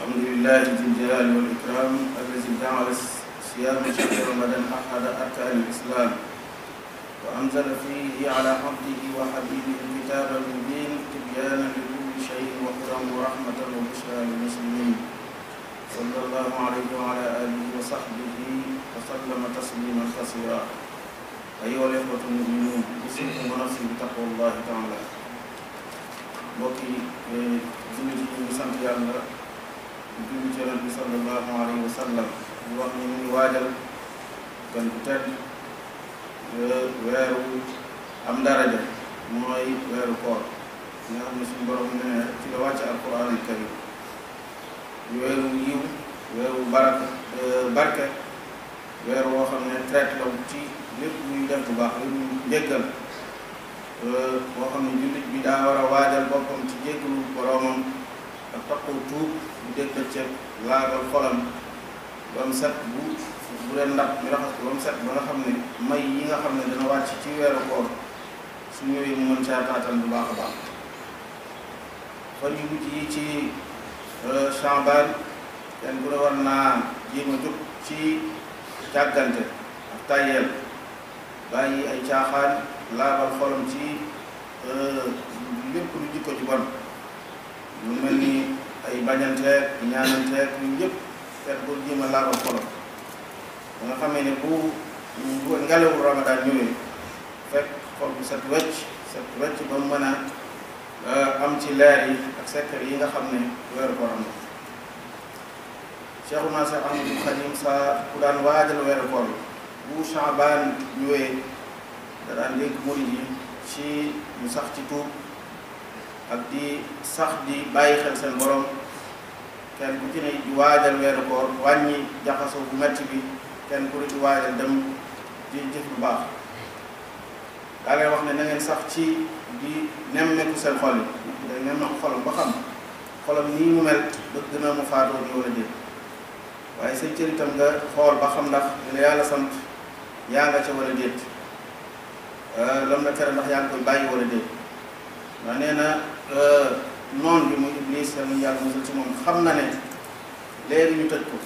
الحمد لله ذي الجلال والإكرام الذي جعل صيام شهر رمضان أحد أركان الإسلام وأنزل فيه على عبده وحبيبه الكتاب المبين تبيانا لكل شيء وهدى ورحمة وبشرى للمسلمين صلى الله عليه وعلى آله وصحبه وسلم تسليما كثيرا أيها الإخوة المؤمنون أوصيكم ونفسي بتقوى الله تعالى mbokk yi jullit yi ñu sant yàlla di julli ci bi sallallahu alayhi wa sallam di wax ni ñu ngi waajal gan bu tedd weeru am daraja mooy weeru koor nga xam ne suñu borom ne ci la wàcc alquran al karim weeru yiw weeru barke weer woo xam ne traite ci lépp muy def bu baax lépp muy njéggal xam ne jullit bi daa war a waajal boppam ci jéggalu boromam ak taxaw tuub bu dégtal ceeb laagal xolam ba mu bu bu dee ndax ñu raxas ko ba mu set nga xam ne may yi nga xam ne dana wàcc ci weeru koor su ñëwee mu mën taatal bu baax baax fan yu mujj yi ci euh, Shambal kenn bu ne war naa jéem a jóg ci càggante ak tàyyeel bàyyi ay caaxaan laabal xolam ci euh, lépp lu jikko ci bon lu mel ni ay bañanteeg ñaananteeg yu yëpp kat boo jéem a laabal xolam ba nga xamee ne bu bu ngelawul ramadan ñëwee fekk xol bu set wecc set ba mu mën a euh, am ci leer yi ak secteur yi nga xam ne weeru koor am na Cheikh Oumar Cheikh Ahmadou Khadim sa ku daan waajal weeru koor bu Chaabaan ñëwee da daan dégg murid yi ci sax ci tuub ak di sax di bàyyi xel seen borom kenn bu ci ne di waajal weeru koor wàññi jaxasoo bu metti bi kenn ku di waajal dem di jëf lu baax daa wax ne na sax ci di nemmeeku seen xol yi day nemmeeku xolam ba xam xolam nii mu mel bëgg na mu faatoo ni wala déet waaye say cër itam nga xool ba xam ndax li la yàlla sant yaa nga ca wala déet euh, lam la tere ndax yaa ngi koy bàyyi wala déet ndax nee na Euh, noon bi muy Iblis yàlla na yàlla musal ci moom xam na ne léegi ñu tëj ko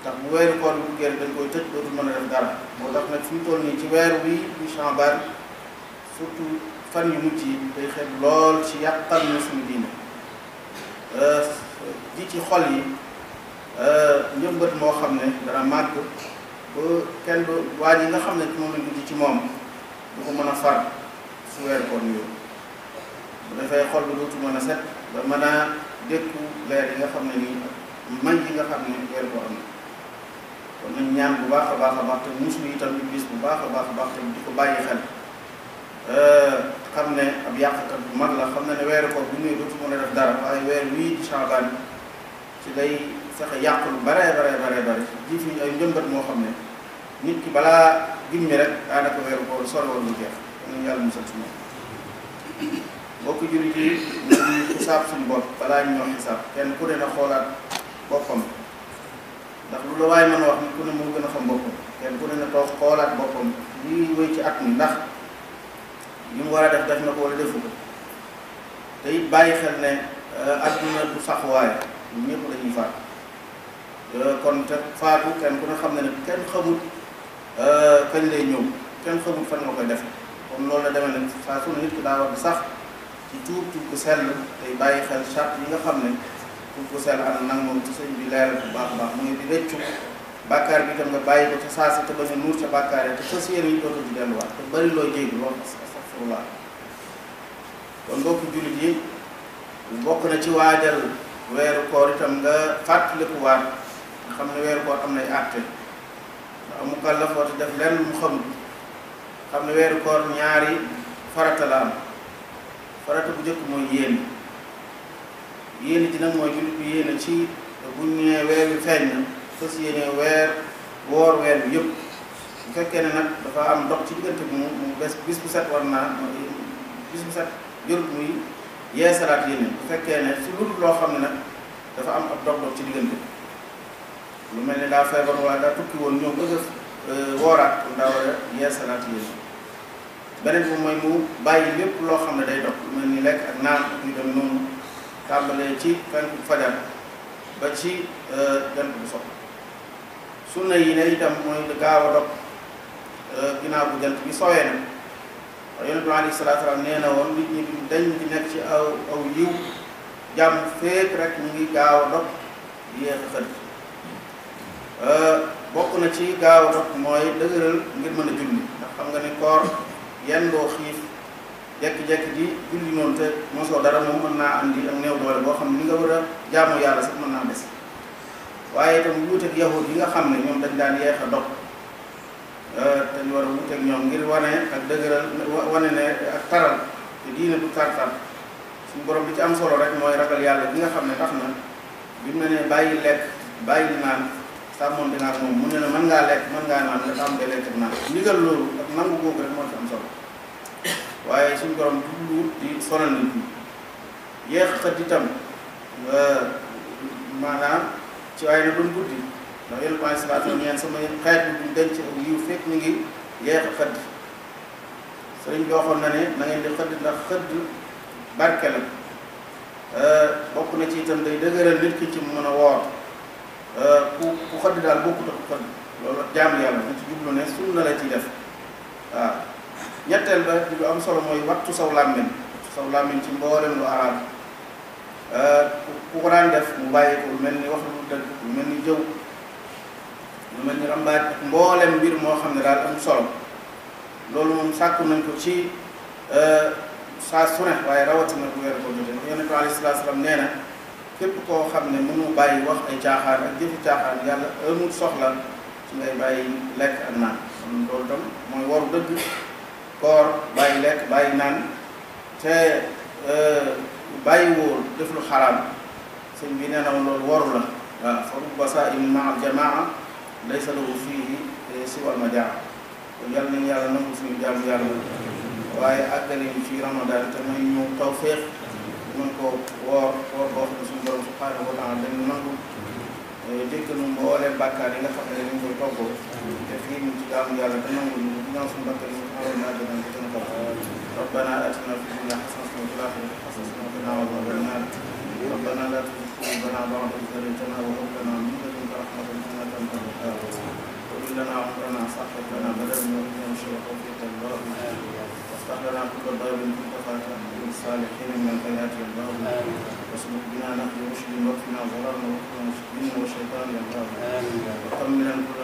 ndax bu weeru koor bu géer dañ koy tëj dootul mën a def dara moo tax nag fi mu toll nii ci weer wi bu chambar surtout fan yu mujj yi day xeeb lool ci yàqal na suñu diine ji euh, ci xol yi euh, njëmbat moo xam ne dana màgg ba kenn du waa ji nga xam ne moom lañ ko ji ci moom du ko mën a far su weeru koor yooyu bu defee xol bi dootu mën a set ba mën a dékku leer yi nga xam ne nii man yi nga xam ne weer boo am na kon nañ ñaan bu baax a baax a baax te musul itam iblis bu baax a baax a baax te di ko bàyyi xel euh, xam ne ab yàqkat bu mag la xam ne ne weeru koor bu ñëwee dootu mën a def dara waaye weer wii di bi si day fexe yàq lu baree baree bare ji fi ay njëmbat moo xam ne nit ki balaa gimmi rek daanaka weeru koor solo woon mu jeex nañ yàlla musal ci moom mbokk jullit yi ñu xisaab suñu bopp balaa ñu ñoo xisaab kenn ku ne na xoolaat boppam ndax lu la waaye mën a wax ni ku ne moo gën a xam boppam kenn ku ne na toog xoolaat boppam lii wéy ci at mi ndax li mu war a def def na ko wala defu ko te it bàyyi xel ne euh, adduna du sax waaye euh, kenn ku ne xam ne ne kenn xamul euh, kañ lay ñëw kenn xamul fan nga ko def kon loolu la demee nag saa su ne nit ki daa war di sax. ci tuub tuub ko sell tey bàyyi xel charte yi nga xam ne tuub ko sell am nag moom ci sëñ bi leeral bu baax baax mu ngi di rëccu bàkkaar bi tam nga bàyyi ko ca saasa te bañ a nuur ca bàkkaar yi te fas yéene yi dootu di delluwaat te bari loo jéeg lool astafurlah kon mbokk jullit yi bokk na ci waajal weeru koor itam nga fàttaliku waat nga xam ne weeru koor am nay àtte ndax mu kàllafooti def lenn mu xamul xam ne weeru koor ñaari farata farata bu jëkk mooy yéen yéene dina nag mooy jullit bi ci bu ñu nee weer wi feeñ na fas yéene weer woor weer bi yëpp bu fekkee ne nag dafa am ndox ci diggante bi mu mu bés bis bu set war naa bis bu set jërut muy yeesalaat yéene bu fekkee ne su dul loo xam ne nag dafa am ab dog-dog ci diggante bi lu mel ni daa feebar wala daa tukki woon ñoo bëgg a wooraat daa war a yeesalaat yéene beneen bi mooy mu bàyyi lépp loo xam ne day dox lu mel ni lekk ak naan ak ñu dem noonu tàmbalee ci fenk fajar ba ci euh, jant bu yi ne gaaw a dog euh, bu jant bi sowee na waaye yonent nee na woon nit ñi dañ di nekk ci aw aw yiw jàmm fépp rek ñu ngi gaaw a dog yéex a xëdd euh, bokk na ci gaaw a dog mooy dëgëral ngir mën a julli ndax xam nga ni koor yendoo xiif jekki-jekki di julli noonu te mosoo dara moom mën naa am néew doole boo xam ne li nga war a jaamu yàlla sax mën naa des waaye itam wuuteeg yahud yi nga xam ne ñoom dañ daan yeex a dog euh, te ñu war a wuuteeg ñoom ngir wane ak dëgëral wane ne ak taral te diine du tar-tar borom bi ci am solo rek mooy ragal yàlla bi nga xam ne tax na bi mu ne nee bàyyi lekk bàyyi naan sàmmoon dinaa moom mu ne mën ngaa lekk mën ngaa naan nga tàmbalee lekk naan ndigal loolu ak nangu googu rek moo ci am solo ci borom jubluwut di sonal nit ñi yéex xët itam euh, maanaam ci waaye na doon guddi ndax yéen point salaat la fekk mi ngi yéex a xëdd sëriñ bi waxoon na ne na ngeen di xëdd ndax xëdd barke la euh, bokk na ci itam day dëgëral nit ki ci mu mën a woor euh, ku xëdd daal bokkut ak ku xëdd loolu jaam yàlla na ci jublu ne sunna la ci def waaw ñetteel ba li am solo mooy wattu saw làmmiñ saw làmmiñ ci mboolem lu araam euh, ku ko daan def mu bàyyi ko mel ni wax lu dëgg lu mel ni jëw mel ni rambaaj mboolem mbir moo xam ne daal am solo loolu moom sàkku nañ ko ci euh, saa su ne waaye rawatina bu weer ko jotee ne bi alayhi salaatu salaam nee na képp koo xam ne mu bàyyi wax ay caaxaan ak jëfi caaxaan yàlla amul soxla ci ngay bàyyi lekk ak naan loolu tam mooy waru dëgg koor bàyyi lekk bàyyi naan te e, bàyyi wóor def lu xaraam sëñ bi nee na loolu waru la waaw fa rubba saa'imin ma'a al-jamaa laysa lahu fiihi e, siwal majaa kon yàlla nañu yàlla nangu suñu jaamu yàlla waaye àggale ñu ci ramadaan te may ñu e, toggoo te fii ñu ci jaamu yàlla te nangu ñu ñaan suñu bàkkaar yi وقنا عذاب النار ربنا آتنا في الدنيا حسنة وفي الآخرة حسنة وقنا عذاب النار ربنا لا تزغ قلوبنا بعد إذ هديتنا وهب لنا من لدنك رحمة إنك أنت الوهاب وقل لنا عمرنا صحت لنا بدل من شر توفيق الله وافتح لنا كل باب كنت خاتم الصالحين من الخيرات الله واسلك بنا نحن رشد واكفنا ضررنا واكفنا منا والشيطان يا الله وطمنا كل